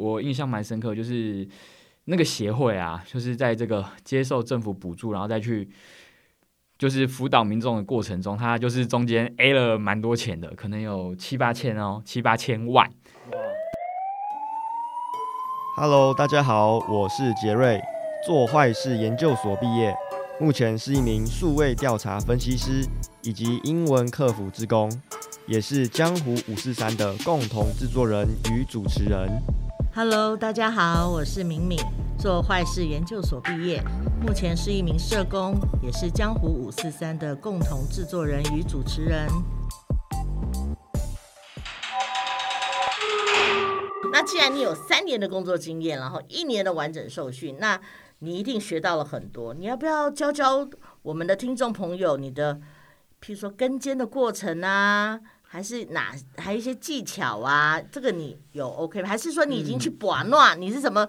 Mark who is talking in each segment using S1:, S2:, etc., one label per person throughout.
S1: 我印象蠻深刻的，就是那個協會啊，就是在這個接受政府補助，然後再去就是輔導民眾的過程中，他就是中間 A 了蠻多錢的，可能有七八
S2: 千哦，七八千萬。哇 Hello，大家好，我是傑瑞，做壞事研究所畢業，目前是一名數位調查分析師以及英文客服志工，也是江湖五四三的共同制作人與主持人。
S3: Hello，大家好，我是鳴敏，做壞事研究所畢業，目前是一名社工，也是《江湖五四三》的共同制作人與主持人。那既然你有三年的工作經驗，然後一年的完整受訓，那你一定學到了很多。你要不要教教我們的聽眾朋友你的，譬如說跟監的過程啊？還是哪還有一些技巧啊？這個你有 OK 嗎？還是說你已經去把亂？嗯、你是什麼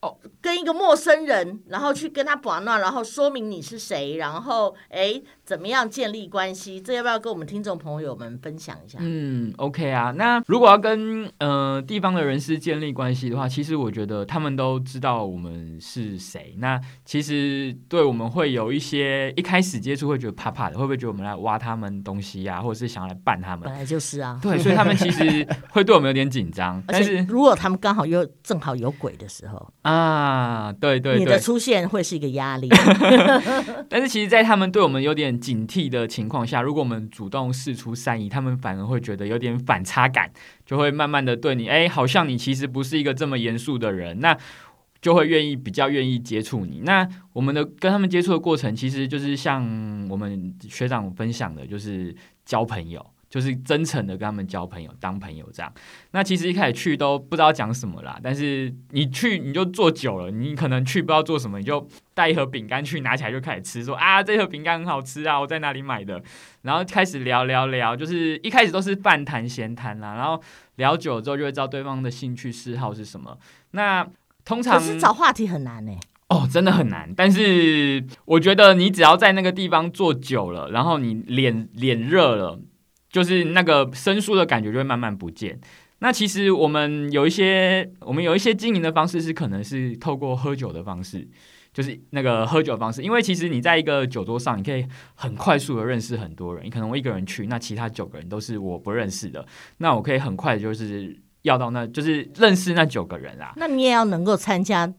S3: 哦，跟一個陌生人，然後去跟他把亂，然後說明你是誰，然後哎。誒怎麼樣建立關係？這要不要跟我們聽眾朋友們分享
S1: 一下？嗯，OK 啊。那如果要跟呃地方的人士建立關係的話，其實我覺得他們都知道我們是誰。那其實對我們會有一些一開始接觸會覺得怕怕的，會不會覺得我們來挖他們東西呀、啊，或者是想要來辦他們？
S3: 本來就是啊。對，所以他們其實
S1: 會對我們有點緊張。 但
S3: 是而且如果他們剛好又正好有鬼的時候啊，
S1: 對對對，你的出
S3: 現會是一個壓力。
S1: 但是其實，在他們對我們有點。警惕的情況下，如果我們主動釋出善意，他們反而會覺得有點反差感，就會慢慢的對你，哎，好像你其實不是一個這麼嚴肅的人，那就會願意比較願意接觸你。那我們的跟他們接觸的過程，其實就是像我們學長分享的，就是交朋友。就是真誠的跟他們交朋友，當朋友這樣。那其實一開始去都不知道講什麼啦，但是你去，你就坐久了，你可能去不知道做什麼，你就帶一盒餅乾去，拿起來就開始吃，說啊，這盒餅乾很好吃啊，我在哪裡買的？然後開始聊聊聊，就是一開始都是泛談閒談啦，然後聊久了之後就會知道對方的興趣嗜好是什麼。
S3: 那通常找話題很難呢、欸，
S1: 哦，真的很難。但是我覺得你只要在那個地方坐久了，然後你臉臉熱了，就是那個生疏的感覺就會慢慢不見。那其實我們有一些，我們有一些經營的方式是可能是透過喝酒的方式，就是那個喝酒的方式，因為其實你在一個酒桌上，你可以很快速的認識很多人。你可能我一個人去，那其他九個人都是我不認識的，那我可以很快就是要到那，就是認識那九個人啊。
S3: 那你也要能夠參加，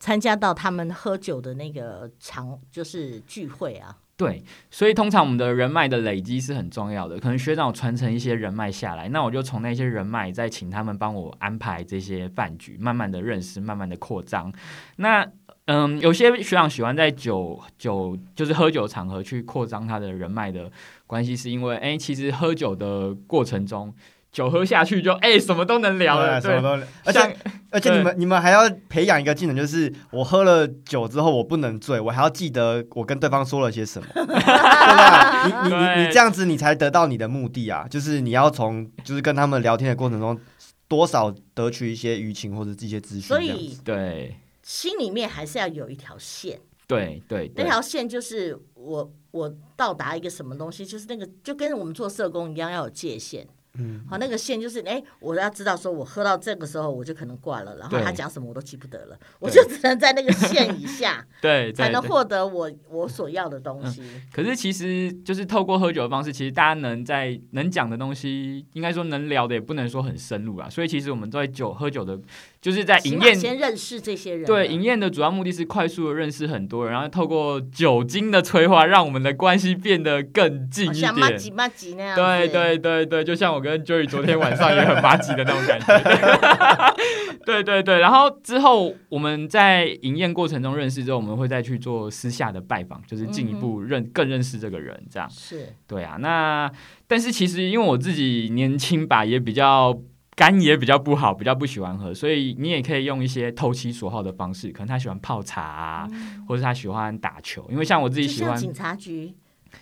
S3: 參加到他們喝酒的那個場，就是聚會啊。
S1: 對，所以通常我們的人脈的累積是很重要的。可能學長傳承一些人脈下來，那我就從那些人脈再請他們幫我安排這些飯局，慢慢的認識，慢慢的擴張。那嗯，有些學長喜歡在酒酒就是喝酒場合去擴張他的人脈的關係，是因為誒，其實喝酒的過程中。酒喝下去就哎、欸，什麼都能聊了，對對
S2: 什麼都聊，而且而且你們你們還要培養一個技能，就是我喝了酒之後我不能醉，我還要記得我跟對方說了些什麼， 對吧？ 你你對 你這樣子你才得到你的目的啊，就是你要從就是跟他們聊天的過程中，多少得取一些輿情或者些這些資訊，所以對，
S3: 心裡面還是要有一條線，
S2: 對對，對對那條
S3: 線就是我我到達一個什麼東西，就是那個就跟我們做社工一樣要有界限。嗯、好，那個線就是，哎、欸，我要知道，說我喝到這個時候，我就可能掛了，然後他講什麼我都記不得了，對，我就只能在那個線以下，對，才能獲得我，對對對，我所要的東西。嗯、
S1: 可是其實，就是透過喝酒的方式，其實大家能在能講的東西，應該說能聊的，也不能說很深入啊。所以其實我們在酒喝酒的。就是在迎宴先
S3: 認識這些人。對，
S1: 迎宴的主要目的是快速的認識很多人，然後透過酒精的催化，讓我們的關係變得更近一點。麻吉麻吉那樣。對對對對，就像我跟 Jerry 昨天晚上也很麻吉的那種感覺。 對，對對對，然後之後我們在迎宴過程中認識之後，我們會再去做私下的拜訪，就是進一步認、嗯、哼更認識這個人這樣。是。對啊，那但是其實因為我自己年輕吧，也比較。肝也比較不好，比較不喜歡喝，所以你也可以用一些投其所好的方式。可能他喜歡泡茶、啊，嗯、或者他喜歡打球，因為像我自己喜歡。警察
S3: 局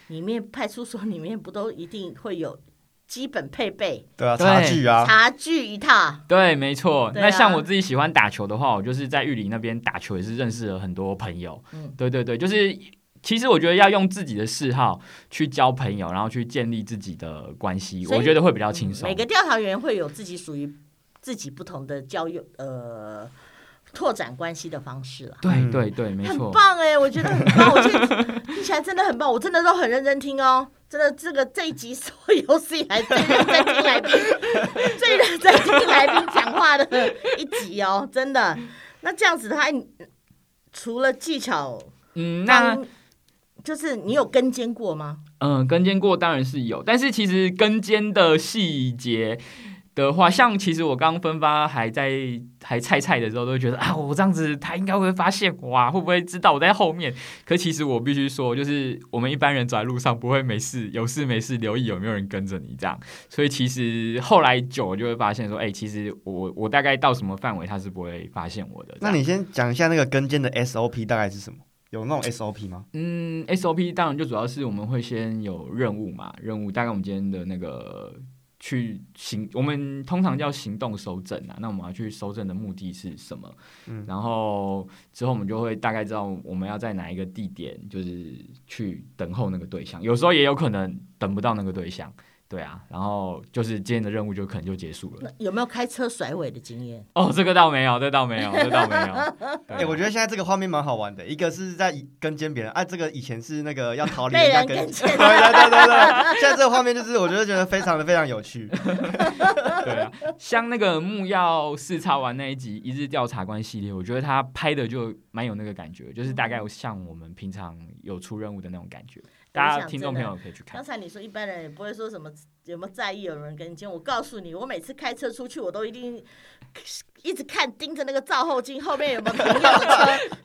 S3: 裡面、派出所裡面，不都一定會有基本配備？對啊，對茶具啊，茶具一套。
S1: 對，沒錯。啊、那像我自己喜歡打球的話，我就是在玉里那邊打球，也是認識了很多朋友。嗯、對對對，就是。其實我覺得要用自己的嗜好去交朋友，然後去建立自己的關係，以我覺得會比較輕鬆。每個
S3: 調查員會有自己屬於自己不同的交友呃拓展關係的方式了。
S1: 對對對，沒很棒哎、欸，嗯、我覺得很棒，嗯、我覺
S3: 得聽起來真的很棒， 我真的都很認真聽哦、喔。真的，這個這一集所有以來最認真聽來賓， 最認真聽來賓講話的一集哦、喔，真的。那這樣子的話，他除了技巧，嗯，那。就是你有跟監過嗎？
S1: 嗯，跟監過當然是有，但是其實跟監的細節的話，像其實我剛分發還在還菜菜的時候，都覺得啊，我這樣子他應該會發現哇，啊，會不會知道我在後面？可其實我必須說，就是我們一般人走在路上不會沒事，有事沒事留意有沒有人跟着你這樣。所以其實後來久了就會發現說，哎，欸，其實我我大概到什麼範圍他是不會發現我的。
S2: 那你先講一下那個跟監的 SOP 大概是什麼？有那種 SOP 嗎？
S1: 嗯，SOP 當然就主要是我們會先有任務嘛，任務大概我們今天的那個去行，我們通常叫行動搜證啊。那我們要去搜證的目的是什麼？嗯，然後之後我們就會大概知道我們要在哪一個地點，就是去等候那個對象。有時候也有可能等不到那個對象。對啊，然後就是今天的任務就可能就結束了。
S3: 有沒有開車甩尾的經
S2: 驗？哦，這
S1: 個倒沒有，這個、倒沒有，這個、倒沒
S2: 有。
S3: 哎、 啊欸，我覺得
S2: 現在這個畫面蠻好玩的。一個是在跟監別人，啊，這個以前是那個要逃離人家跟對對對對對。現在這個畫面就是我覺得覺得非常的非常有趣。
S1: 對啊，像那個木曜四超玩那一集《一日調查官》系列，我覺得他拍的就蠻有那個感覺，就是大概像我們平常有出任務的那種感覺。大家聽眾朋友可以去看。
S3: 剛才你說一般人也不會說什麼有沒有在意有人跟監，我告訴你，我每次開車出去我都一定。一直看盯着那個照後鏡，後面有沒有車？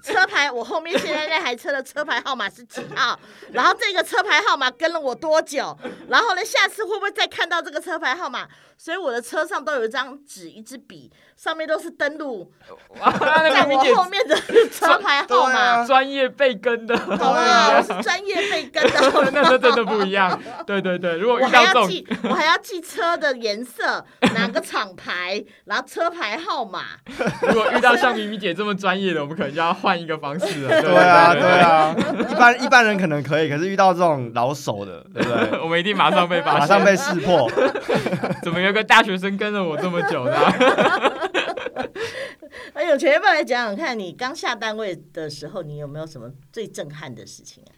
S3: 車牌，我後面現在那台車的車牌號碼是幾號？然後這個車牌號碼跟了我多久？然後呢，下次會不會再看到這個車牌號碼？所以我的車上都有一張紙、一支筆，上面都是登錄。哇，那,那我後面的車牌號碼，
S1: 專、啊、業被跟的，好我、 啊、是專
S3: 業被跟的，那真的
S1: 不一樣。對對對，如果到我還要記，
S3: 我還要記車的顏色、 哪個廠牌，然後車牌號。
S1: 如果遇到像鳴敏姐這麼專業的，我們可能就要換一個方式了。對啊，對啊，啊、 一
S2: 般一般人可能可以，可是遇到這種老手的，對不對？ 我
S1: 們一定馬上被發現，馬上被識破。
S2: 怎麼有個大學生跟了我
S1: 這麼久呢、啊？
S3: 哎 呦、啊，有詠詮來講講看，你剛下單位的時候，你有沒有什麼最震撼的事情啊？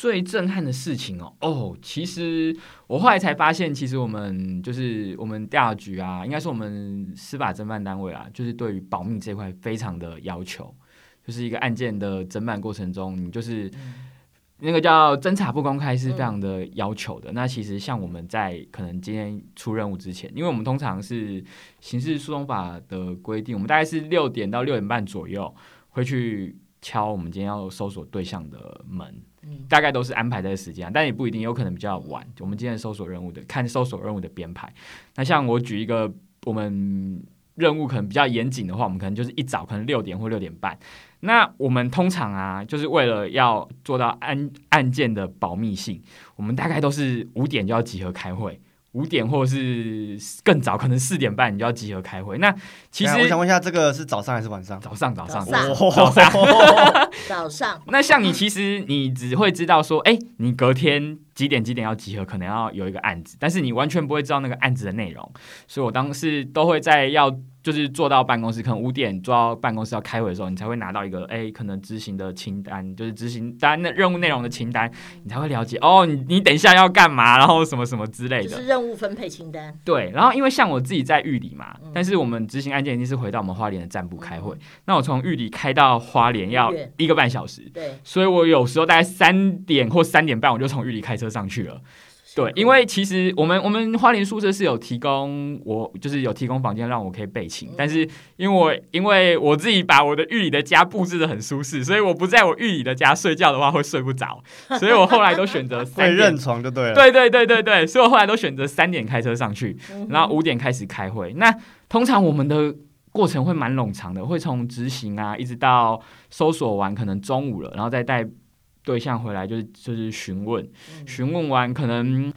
S3: 最
S1: 震撼的事情哦，哦，其實我後來才發現，其實我們就是我們調查局啊，應該是我們司法偵辦單位啊，就是對於保密這塊非常的要求，就是一個案件的偵辦過程中，你就是、嗯、那個叫偵查不公開是非常的要求的。嗯、那其實像我們在可能今天出任務之前，因為我們通常是刑事訴訟法的規定，我們大概是六點到六點半左右回去。敲我們今天要搜索對象的門，大概都是安排在時間，啊，但也不一定，有可能比較晚。我們今天搜索任務的看搜索任務的編排。那像我舉一個，我們任務可能比較嚴謹的話，我們可能就是一早可能六點或六點半。那我們通常啊，就是為了要做到案案件的保密性，我們大概都是五點就要集合開會。五點或是更早，可能四點半你就要集合開會。那其實、啊、我想問一下，這個是早上還是晚上？早上，早上，早上，哦哦、
S3: 早上。
S1: 那像你，其實你只會知道說，哎、嗯欸，你隔天。幾點幾點要集合？可能要有一個案子，但是你完全不會知道那個案子的內容，所以我當時都會在要就是坐到辦公室，可能五點坐到辦公室要開會的時候，你才會拿到一個哎、欸，可能執行的清單，就是執行單，那任務內容的清單，你才會了解哦，你你等一下要幹嘛，然後什麼什麼之類的。就是
S3: 任務分配清單。
S1: 對。然後因為像我自己在玉里嘛，嗯、但是我們執行案件一定是回到我們花蓮的站部開會。嗯、那我從玉里開到花蓮要一個半小時。對。所以我有時候大概三點或三點半，我就從玉里開車。上去了，對，因為其實我們我們花蓮宿舍是有提供我，就是有提供房間讓我可以備勤，但是因為因為我自己把我的玉里的家布置得很舒適，所以我不在我玉里的家睡覺的話會睡不着，
S2: 所以我後
S1: 來都選擇會認床就對了，對對對對對，所以我後來都選擇三點開車上去，然後五點開始開會。那通常我們的過程會蠻冗長的，會從執行啊一直到搜索完可能中午了，然後再帶。對象回來就是就是詢問，詢問完可能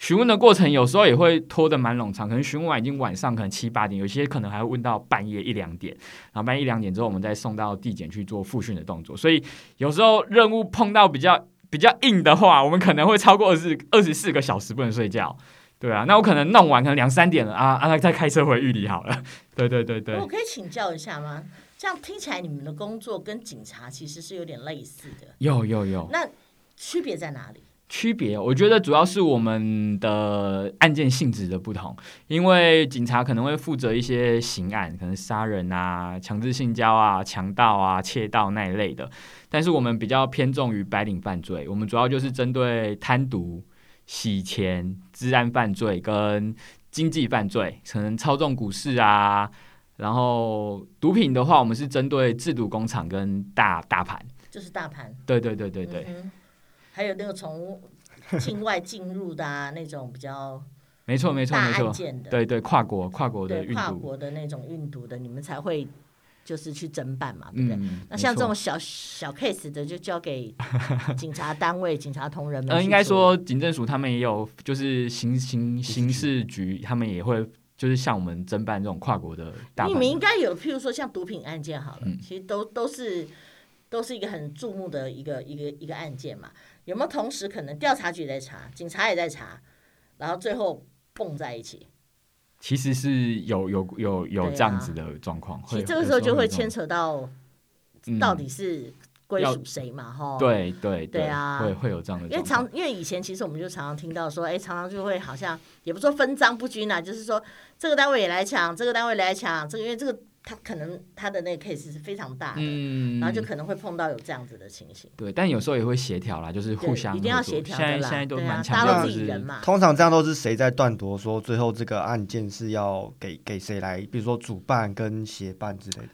S1: 詢問的過程有時候也會拖得蠻冗長，可能詢問完已經晚上可能七八點，有些可能還會問到半夜一兩點，然後半夜一兩點之後我們再送到地檢去做復訊的動作，所以有時候任務碰到比較比較硬的話，我們可能會超過二十二十四個小時不能睡覺。對啊，那我可能弄完可能兩三點了啊啊，再開車回玉里好了，對對對對，對，我
S3: 可以請教一下嗎？這樣聽起來，你們的工作跟警察其實是有點類似的。
S1: 有有有。
S3: 那區別在哪裡？
S1: 區別，我覺得主要是我們的案件性質的不同。因為警察可能會負責一些刑案，可能殺人啊、強制性交啊、強盜啊、竊盜那一類的。但是我們比較偏重於白領犯罪，我們主要就是針對貪瀆、洗錢、治安犯罪跟經濟犯罪，可能操縱股市啊。然後毒品的話，我們是針對制毒工廠跟大大盤，
S3: 就是大盤。
S1: 對對對對對、嗯，
S3: 還有那個從境外進入的啊， 那種比較沒，沒錯沒錯沒錯，對
S1: 對跨國跨國的跨國
S3: 的那種運毒的，你們才會就是去偵辦嘛，對不對？嗯、
S1: 那像這種
S3: 小小 case 的，就交給警察單位、 警察同仁們、呃。應該說
S1: 警政署他們也有，就是刑刑刑事局他們也會。就是像我們偵辦這種跨國的大，你們應
S3: 該有，譬如說像毒品案件好了，嗯、其實都都是都是一個很注目的一個一個一個案件嘛。有沒有同時可能調查局在查，警察也在查，然後最後蹦在一起？
S1: 其實是有有有有這樣子的狀況，啊、會其實這個時候就會牽扯到到底是、
S3: 嗯。歸屬誰嘛？吼要 齁，對對對，對啊，會
S1: 會有這樣的，因為常
S3: 因為以前其實我們就常常聽到說，哎、欸，常常就會好像也不說分贓不均啊，就是說這個單位也來搶，這個單位來搶，這個因為這個他可能他的那個 case 是非常大的，嗯、
S2: 然後
S3: 就可能會碰到有這樣子的情形。對，但有
S2: 時候也會協調啦，就是互相、嗯、一定
S3: 要協調。對在啦，現在都蠻強調的、對啊、自己人嘛。是
S2: 通常這樣都是誰在斷奪說最後這個案件是要給給誰來，比如說主辦跟協辦之類的？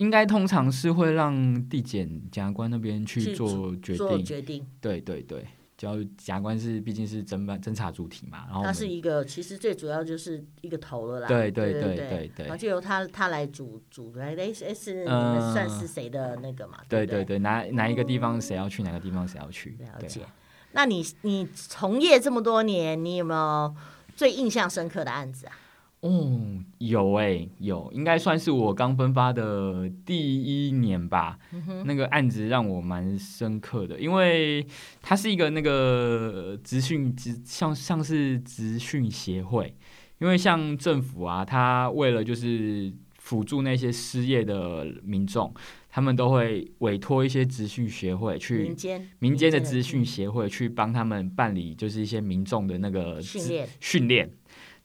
S3: 應
S1: 該通常是會讓地檢檢察官那邊去做決定，決定，對對對，就檢察官是畢竟是偵辦偵查主體嘛，然後他是
S3: 一個其實最主要就是一個頭了啦，對，對對對對對，然後就由他他來主主來，哎哎是你們算是誰的那個嘛？
S1: 嗯、對對對，對對對哪哪一個地方誰要去，嗯、哪個地方誰要去？嗯、要去了解。
S3: 對，那你你從業這麼多年，你有沒有最印象深刻的案子啊？
S1: 哦，有哎、欸，有，應該算是我剛分發的第一年吧。嗯、哼那個案子讓我蠻深刻的，因為它是一個那個職訓，像像是職訓協會。因為像政府啊，它為了就是輔助那些失業的民眾，他們都會委托一些職訓協會去民間、民間的職訓協會去幫他們辦理，就是一些民眾的那個訓練訓練。練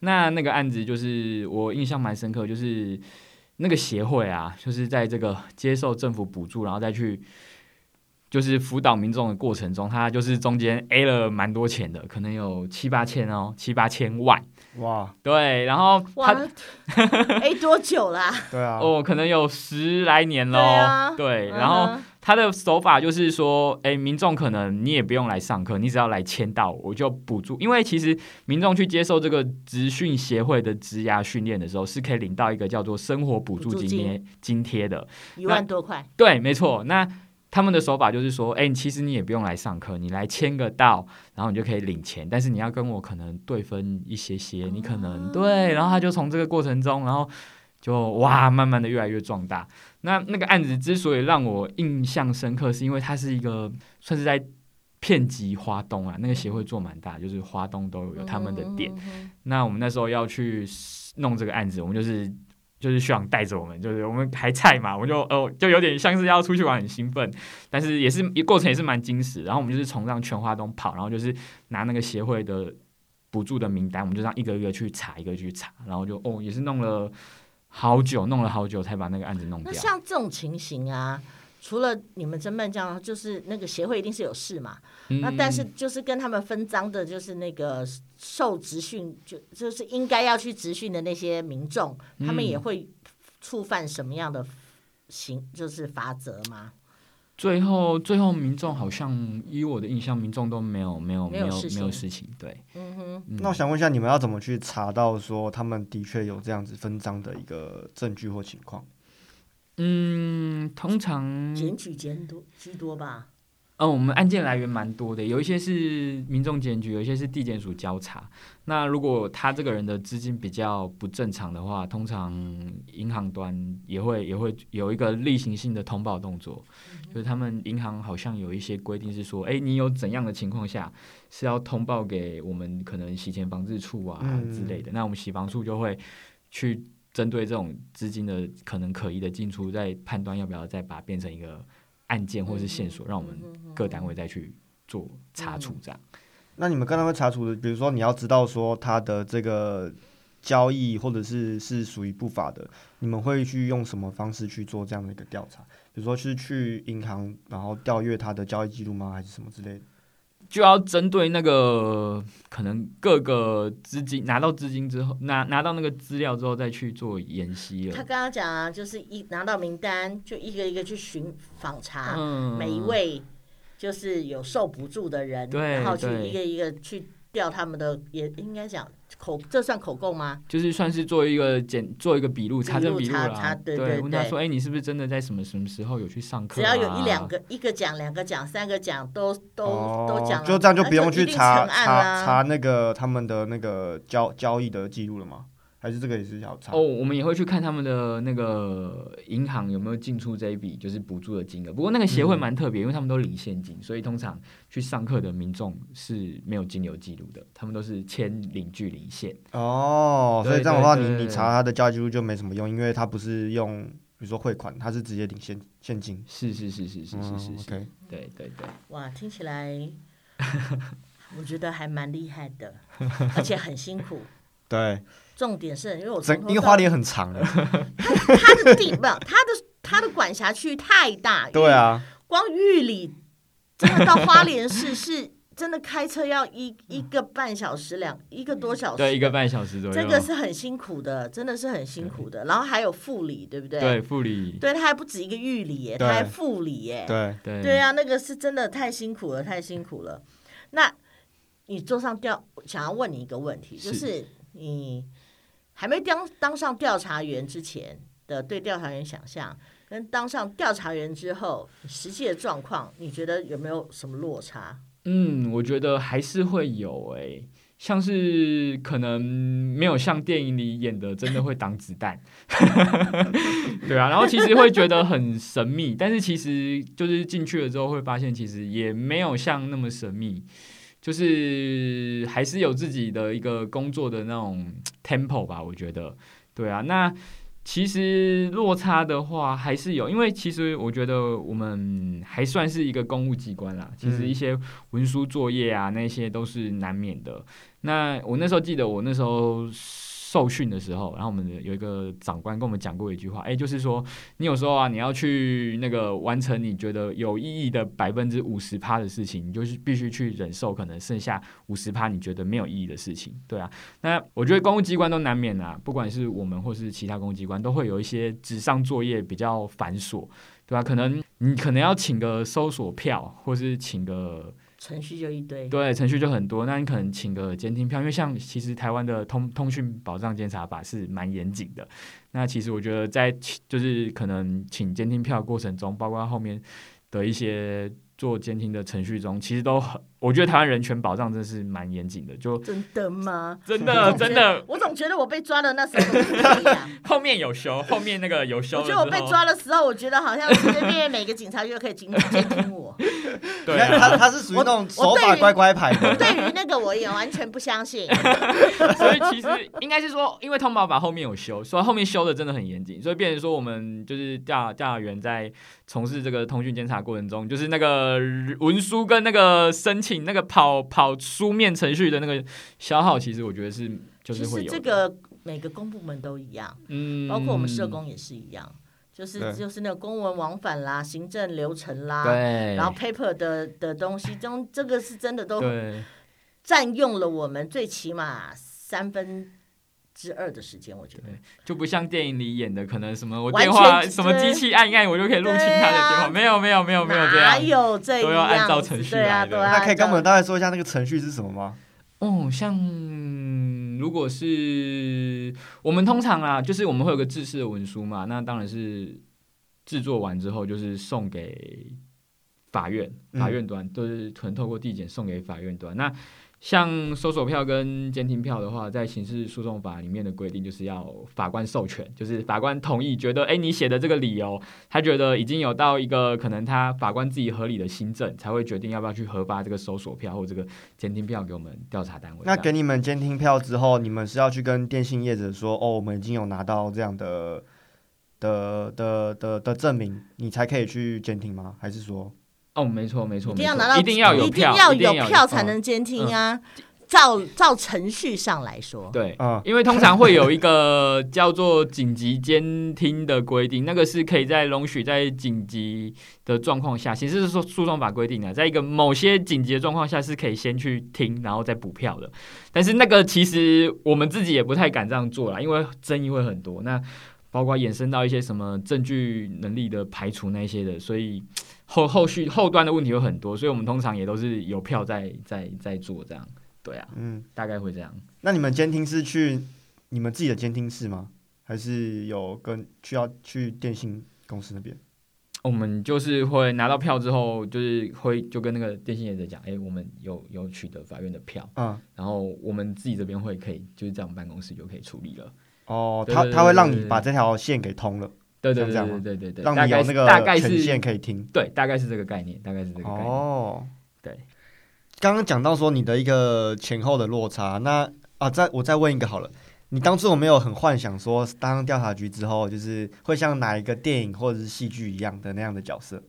S1: 那那個案子就是我印象蠻深刻，就是那個協會啊，就是在這個接受政府補助，然後再去就是輔導民眾的過程中，他就是中間 A 了蠻多錢的，可能有七八千哦，七八千萬，哇，對，然後
S3: 他哇 A 多久啦、啊?
S1: 對啊，哦，可能有十來年嘍，對、啊、對，然後。嗯他的手法就是說，哎、欸，民眾可能你也不用來上課，你只要來簽到，我就補助。因為其實民眾去接受這個職訓協會的職涯訓練的時候，是可以領到一個叫做生活補助津貼津貼的，一萬多塊。對，沒錯。那他們的手法就是說，哎、欸，其實你也不用來上課，你來簽個到，然後你就可以領錢，但是你要跟我可能對分一些些，你可能、啊、對。然後他就從這個過程中，然後就哇，慢慢的越來越壯大。那那個案子，之所以讓我印象深刻，是因為它是一個算是在遍及花東啊，那個協會做蠻大，就是花東都有，有他們的店。嗯嗯嗯、那我們那時候要去弄這個案子，我們就是就是需要帶着我們，就是我們還菜嘛，我們就哦就有點像是要出去玩，很興奮，但是也是一過程也是蠻精實。然後我們就是從讓全花東跑，然後就是拿那個協會的補助的名單，我們就這樣一個一個去查，一個，一個去查，然後就哦也是弄了好久，弄了好久才把那個案子弄掉。那像
S3: 這種情形啊，除了你們偵辦這樣，就是那個協會一定是有事嘛。嗯嗯，那但是就是跟他們分贓的，就是那個受職訓，就就是應該要去職訓的那些民眾，他們也會觸犯什麼樣的行，就是罰則嗎？
S1: 最後，最後民眾好像以我的印象，民眾都沒有沒有沒有沒有，沒有事情。對，
S3: 嗯哼。那
S2: 我想問一下，你們要怎麼去查到說他們的確有這樣子分贓的一個證據或情況？
S3: 嗯，通常檢舉居多吧。
S2: 嗯、哦，我們案件來源蠻多的，有一些
S1: 是民眾檢舉，有一些是地檢署交查。那如果他這個人的資金比較不正常的話，通常銀行端也會也會有一個例行性的通報動作，嗯、哼就是他們銀行好像有一些規定是說，哎、欸，你有怎樣的情況下是要通報給我們，可能洗錢防治處啊之類的。嗯嗯，那我們洗防處就會去針對這種資金的可能可疑的進出，再判斷要不要再把它變成一個。案件或者是線索，嗯、讓我們各單位再去做查處，
S2: 這樣、嗯。那你們剛才會查處的，比如說你要知道說他的這個交易或者是是屬於不法的，你們會去用什麼方式去做這樣的一個調查？比如說是去銀行，然後調閱他的交易記錄嗎？還是什麼之類的？就
S1: 要針對那個可能各個資金拿到資金之後，拿拿到那個資料之後再去做研析了。他
S3: 剛剛講啊，就是一拿到名單，就一個一個去尋訪查、嗯、每一位，就是有受補助的人，對然後去一個一個去。掉他們的也應該講口，這算口供嗎？就
S1: 是算是做一個檢，做一個筆錄，查證筆錄啊。對對，問他說：“哎，你是不是真的在什麼什麼
S2: 時候有去上課、啊？”只要有一兩個、
S3: 一個講、兩個講、三個講，都都都講了、哦，就這樣就不用去、啊、查查查
S2: 那個他們的那個交交易的記錄了嗎？還是這個也是要查哦
S1: ，oh, 我們也會去看他們的那個銀行有沒有進出這一筆就是補助的金額。不過那個協會蠻特別，嗯、因為他們都領現金，所以通常去上課的民眾是沒有金流記錄的，他們都是簽領距離線簽
S2: 領據領現哦，所以這樣的話你，你你查他的交易記錄就沒什麼用，因為他不是用，比如說匯款，他是直接領現現金。是是是是是是是，oh, okay. 對對對。
S3: 哇，聽起來我覺得還蠻厲害的， 而且很辛苦。對，重點是因為我，因為花蓮很長，他 他的地不，他的他的管轄區域太大了，對啊，光玉里真的到花蓮市是真的開車要一 一個半小時、兩一個多小時，對，
S1: 一個半小時左右，這個是
S3: 很辛苦的，真的是很辛苦的。對然後還有富里，對不對？對，富里，對，他還不止一個玉里，耶，對他還富里，耶。對對，對，對啊，那個是真的太辛苦了，太辛苦了。那你坐上吊，想要問你一個問題，就是。是你還沒當當上調查員之前的對調查員想象，跟當上調查員之後實際的狀況，你覺得有沒有什麼落差？
S1: 嗯，我覺得還是會有誒、欸，像是可能沒有像電影裡演的，真的會擋子彈。 對啊，然後其實會覺得很神秘， 但是其實就是進去了之後會發現，其實也沒有像那麼神秘。就是還是有自己的一個工作的那種 tempo 吧，我覺得，對啊。那其實落差的話還是有，因為其實我覺得我們還算是一個公務機關啦，嗯、其實一些文書作業啊那些都是難免的。那我那時候記得，我那時候。受訓的時候，然後我們有一個長官跟我們講過一句話，誒，就是說你有時候啊，你要去那個完成你覺得有意義的百分之五十趴的事情，你就是必須去忍受可能剩下五十趴你覺得沒有意義的事情，對啊。那我覺得公務機關都難免啊，不管是我們或是其他公務機關，都會有一些紙上作業比較繁瑣，對吧？可能你可能要請個搜索票，或是請個。
S3: 程序就一堆，對，程序就
S1: 很多。那你可能請個監聽票，因為像其實台灣的通通訊保障監察法是蠻嚴謹的。那其實我覺得在就是可能請監聽票過程中，包括後面的一些做監聽的程序中，其實都很。我覺得台灣人權保障真的是蠻嚴謹的。就真
S3: 的嗎？真的真的我，我總覺得我被抓的那時
S1: 候不、啊， 後面有修，後面那個有修。 我覺得我被抓
S3: 的時候， 我覺得好像隨便每個警察就可以監監聽我。
S2: 對、啊、 他，他，他是屬於那種手法乖乖牌的。對於那
S3: 個，我也完全不相信。 所以其實應該是說，因為
S1: 通保法後面有修，所以後面修的真的很嚴謹。所以變成說，我們就是調調查員在從事這個通訊監察過程中，就是那個文書跟那個申請、那個跑跑書面程序的那個消耗，其實我覺得是就是會有。這
S3: 個每個公部門都一樣，嗯，包括我們社工也是一樣。就是就是那個公文往返啦，行政流程啦，對然後 paper 的的東西，這這個是真的都占用了我們最起碼三分之二的
S1: 時間，我覺得就不像電影裡演的，可能什麼我電話什麼機器按一按，我就可以入侵他的電話。啊、沒有沒有沒有沒有
S3: 這樣，哪有這樣，都要按
S1: 照
S2: 程序來的，對啊、那可以跟我們大概說一下那個程序是什麼嗎？哦，像。如
S1: 果是我們通常啊，就是我們會有個制式的文書嘛，那當然是制作完之後就是送給法院，法院端都、嗯、是可能透過地檢送給法院端那。像搜索票跟監聽票的話，在刑事訴訟法裡面的規定就是要法官授權，就是法官同意，覺得哎、欸、你寫的這個理由，他覺得已經有到一個可能他法官自己合理的心證，才會決定要不要去核發這個搜索票或這個監聽票給我們調查單
S2: 位。那給你們監聽票之後，你們是要去跟電信業者說哦，我們已經有拿到這樣的的的的的，的證明，你才可以去監聽嗎？還是說？哦，沒錯，沒錯，一定要拿到，一定要有票，一定要有票才能監聽啊！哦
S3: 嗯、照照程序上來說，對，
S2: 哦、因為通常會有一
S1: 個叫做緊急監聽的規定， 那個是可以在容許在緊急的狀況下，其實是說訴訟法規定的，在一個某些緊急的狀況下是可以先去聽，然後再補票的。但是那個其實我們自己也不太敢這樣做啦，因為爭議會很多。那包括衍生到一些什麼證據能力的排除那些的，所以。後後續後段的問題有很多，所以我們通常也都是有票在在在做這樣，對啊，嗯，大概會這樣。
S2: 那你們監聽是去你們自己的監聽室嗎？還是有跟需要去電信公司那邊？我們就是會拿
S1: 到票之後，就是會就跟那個電信業者講，哎、欸，我們有有取得法院的票，嗯，然後我們自己這邊會可以就是在我們辦公室就可以處理了。哦，他他會讓你把這
S2: 條線給通了。對對對對對對對對對對讓你有那個呈現可以聽，
S1: 對，大概是這個概念，大概是這個概
S2: 念。哦，對，剛剛講到說你的一個前後的落差，那啊，再我再問一個好了，你當初有沒有很幻想說當調查局之後，就是會像哪一個電影或者是戲劇一樣的那樣的角色？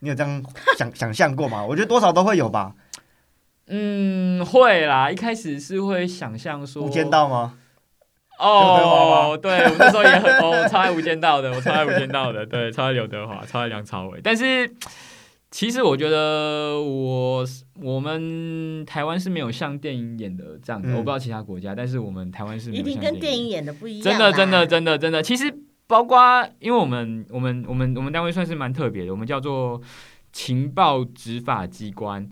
S2: 你有這樣想 想象過嗎？我覺得多少都會有吧。
S1: 嗯，會啦，一開始是會想象說《無間道》嗎？哦，oh, 對，我那時候也很哦， oh, 超愛《無間道》的， 我超愛《無間道》的，對，超愛劉德華，超愛梁朝偉。但是其實我覺得我，我我們台灣是沒有像電影演的這樣的，嗯、我不知道其他國家，但是我們台灣是一定跟
S3: 電影演的不一樣。真的，真
S1: 的，真的，真的。其實包括因為我們，我們，我們，我們單位算是蠻特別的，我們叫做情報執法機關。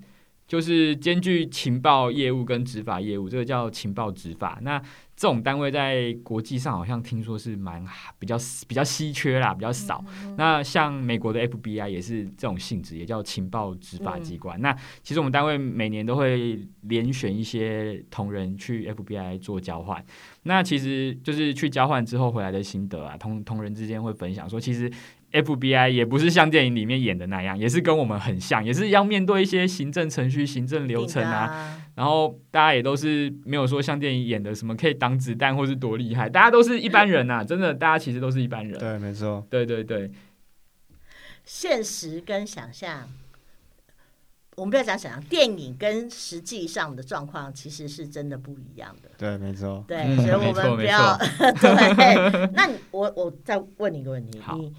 S1: 就是兼具情報業務跟執法業務，這個叫情報執法。那這種單位在國際上好像聽說是蠻比較比較稀缺啦，比較少。嗯嗯那像美國的 FBI 也是這種性質，也叫情報執法機關。嗯、那其實我們單位每年都會遴選一些同仁去 FBI 做交換。那其實就是去交換之後回來的心得啊，同同仁之間會分享說，其實。FBI 也不是像電影裡面演的那樣，也是跟我們很像，也是要面對一些行政程序、行政流程啊。然後大家也都是沒有說像電影演的什麼可以擋子彈或是多厲害，大家都是一般人啊。真的，大家其實都是一般人。對，對，對，對，沒錯。對對對。
S3: 現實跟想象，我們不要講想象，電影跟實際上的狀況其實是真的不一樣的。對，沒錯。對，所以我們不要。嗯、 對，那我我再問你一個問題，你。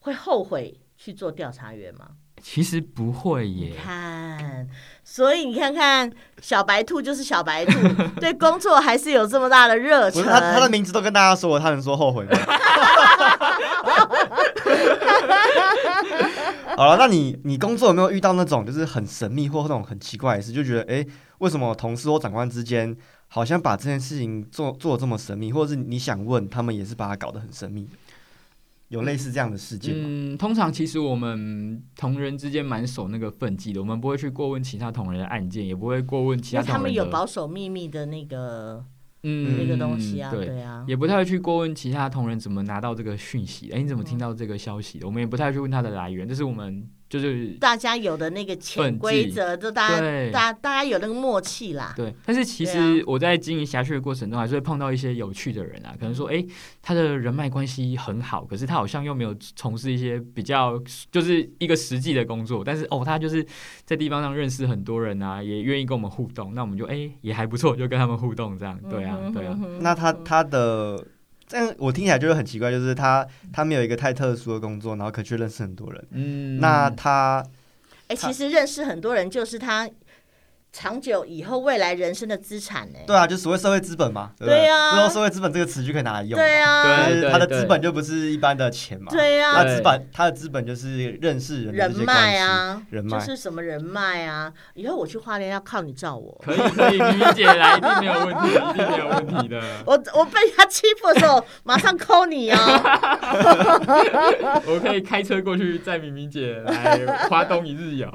S3: 會後悔去做調查員嗎？
S1: 其實不會耶。你
S3: 看，所以你看看小白兔就是小白兔， 對工作還是有這麼大的熱情。他他的名
S2: 字都跟大家說了，他能說後悔嗎？ 好了，那你你工作有沒有遇到那種就是很神秘或那種很奇怪的事？就覺得哎，為什麼同事或長官之間好像把這件事情做做得這麼神秘，或者是你想問他們，也是把它搞得很神秘？有類似這樣的事件？嗯，
S1: 通常其實我們同仁之間蠻守那個份際的，我們不會去過問其他同仁的案件，也不會過問其他同仁的，因為他們有保
S3: 守秘密的那個，嗯，那個東西啊，對，對啊，也不
S1: 太會去過問其他同仁怎麼拿到這個訊息。哎、嗯，欸、你怎麼聽到這個消息的？我們也不太去問他的來源，這、嗯、是我們。就是
S3: 大家有的那個潛規則，技就大家、對大家、大家有那個默契啦。
S1: 對。但是其實我在經營轄區的過程中，還是會碰到一些有趣的人啊。可能說，哎、欸，他的人脈關係很好，可是他好像又沒有從事一些比較就是一個實際的工作。但是哦，他就是在地方上認識很多人啊，也願意跟我們互動。那我們就哎、欸，也還不錯，就跟他們互動這樣。
S2: 嗯、哼哼對啊，對啊。那他他的。但我聽起來就是很奇怪，就是他他沒有一個太特殊的工作，然後可去認識很多人。嗯，那他，哎、
S3: 嗯他欸，其實認識很多人就是他。長久以後，未來人生的資產呢、欸？
S2: 對啊，就所謂社會資本嘛，對，對，對啊，之後社會資本這個詞就可以拿來用。對啊，他的資本就不是一般的錢嘛。對啊，他資本他對的資本就是認識人人脈啊，人脈就是
S3: 什麼人脈啊？以後我去花蓮要靠你照我，可以，鳴敏姐來一定沒有問題，一定沒有問題的。 我我被他欺負的時候，馬上 call 你啊、
S2: 哦！ 我可以開車過去載鳴敏姐來花東一日遊，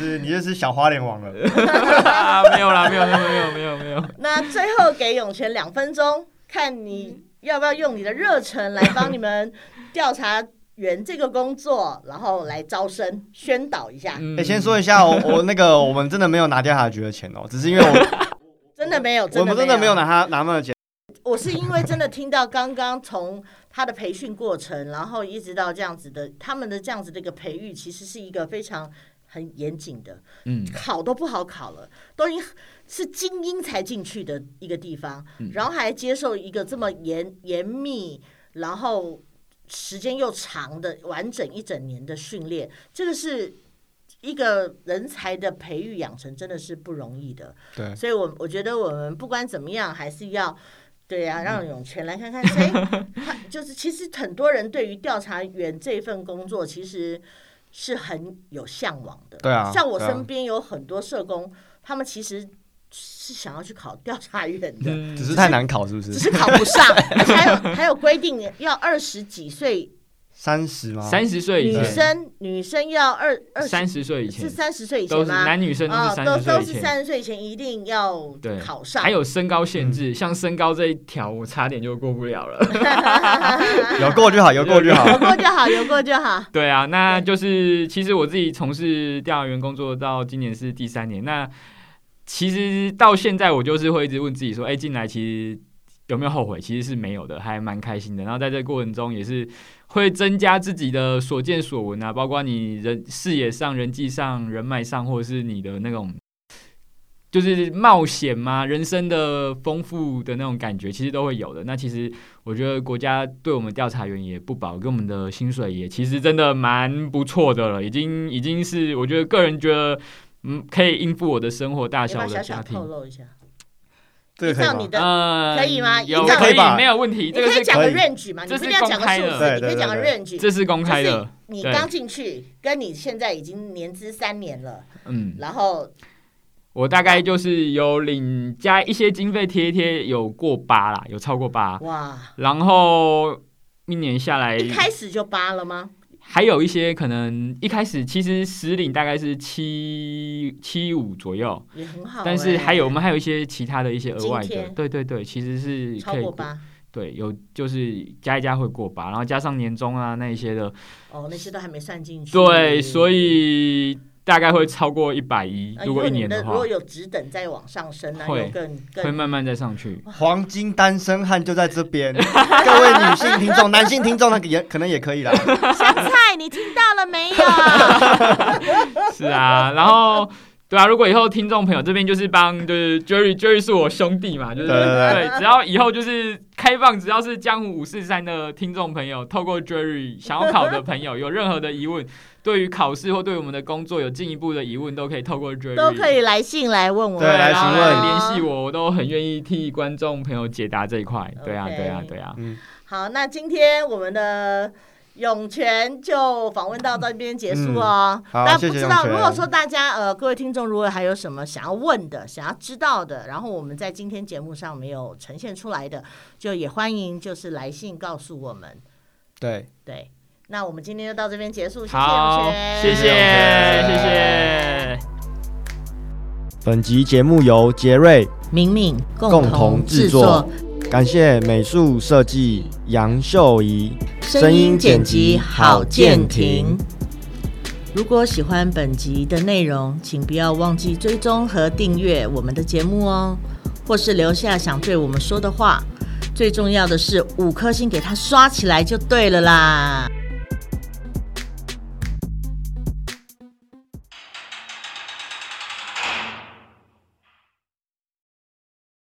S2: 是 你就是小花蓮王了。
S3: 啊、沒有啦，沒有，沒有，沒有，沒有，沒有。那最後給詠詮兩分鐘，看你要不要用你的熱忱來幫你們調查員這個工作， 然後來招生宣導一下、欸。先說
S2: 一下，我我那個我們真的沒有拿調查局的錢哦，只是因為我
S3: 真的沒有，我們真的沒有拿
S2: 他拿那個錢。
S3: 我是因為真的聽到剛剛從他的培訓過程，然後一直到這樣子的，他們的這樣子的一個培育，其實是一個非常。很嚴謹的，嗯，考都不好考了，都已經是精英才進去的一個地方，嗯，然後還接受一個這麼嚴嚴密，然後時間又長的完整一整年的訓練，這個是一個人才的培育養成，真的是不容易的。對，所以我我覺得我們不管怎麼樣，還是要對呀，啊，讓詠詮來看看誰、嗯 他。就是其實很多人對於調查員這份工作，其實。是很有嚮往的，對啊，像我身邊有很多社工，啊、他們其實是想要去考調查員的，嗯、只是，只是太難考，是不是？只是考不上， 而且還有 還有規定要二十幾歲。
S2: 三十嗎？三十歲以前，女生
S3: 對女生要二二三十歲以前，是三十歲以前嗎？男女生都是三十歲以前，哦、三十歲以前，三十歲以前一定要考上。還有
S1: 身高限制，嗯、像身高這一條，我差點就過不了了。有過就好，有過就好，有過就好，有過就好。對啊，那就是其實我自己從事調查員工作到今年是第三年。那其實到現在我就是會一直問自己說，哎、欸，進來其實。有沒有後悔？其實是沒有的，還蠻開心的。然後在這個過程中，也是會增加自己的所見所聞啊，包括你人視野上、人際上、人脈上，或者是你的那種，就是冒險嘛、啊，人生的豐富的那種感覺，其實都會有的。那其實我覺得國家對我們調查員也不薄，跟我們的薪水也其實真的蠻不錯的了，已經已經是我覺得個人覺得，嗯，可以應付我的生活大小的家庭。到你的可以嗎？有可以，沒有問題。你可以講個 range 嘛？你不一定要講個數字，你可以講個 range。這是公開的。你剛
S3: 進去，跟你現在已經年資三年了。嗯，然後
S1: 我大概就是有領加一些經費貼貼，有過八啦，有超過八。哇！然後一年下來，一開
S3: 始就八了嗎？
S1: 還有一些可能一開始其實實領大概是七七五左右，
S3: 欸、但是還有我們還有一些
S1: 其他的一些額外的。今天對對對，其實是可以過八，對，有就是加一加會過八，然後加上年終啊那一些的，哦，那些都
S3: 還沒算進去。對，所
S1: 以。大概會超過一百一，如果一年的話，如果有
S3: 只等再往上升，那會更會
S2: 慢慢再上去。黃金單身漢就在這邊， 各位女性聽眾、 男性聽眾，那也可能也可以啦。
S3: 香菜，你聽到了沒有
S2: 啊？ 是啊，然後。對啊，如果以後聽眾朋友
S1: 這邊就是幫，就是 Jerry，Jerry 是我兄弟嘛，就是對，對，對，對， 只要以後就是開放，只要是江湖五四三的聽眾朋友，透過 Jerry 想要考的朋友， 有任何的疑問，對於考試或對我們的工作有進一步的疑問，都可以透過
S3: Jerry，都可以來信來問我們對，來詢問，聯繫
S1: 我，我都很願意替觀眾朋友解答這一塊。Okay. 對啊，對啊，對啊。嗯，
S3: 好，那今天我們的。詠詮就訪問到到這邊結束哦，嗯、但不知道謝謝如果說大家呃，各位聽眾如果還有什麼想要問的、想要知道的，然後我們在今天節目上沒有呈現出來的，就也歡迎就是來信告訴我們。對對，那我們今天就到這邊結束，好謝謝詠詮，謝
S2: 謝謝謝。全謝謝本集節目由傑瑞、鳴敏共同製作。感謝美術設計楊琇詒，聲音剪輯郝建廷。
S3: 如果喜歡本集的內容，請不要忘記追蹤和訂閱我們的節目哦，或是留下想對我們說的話。最重要的是，五顆星給它刷起來就對了啦！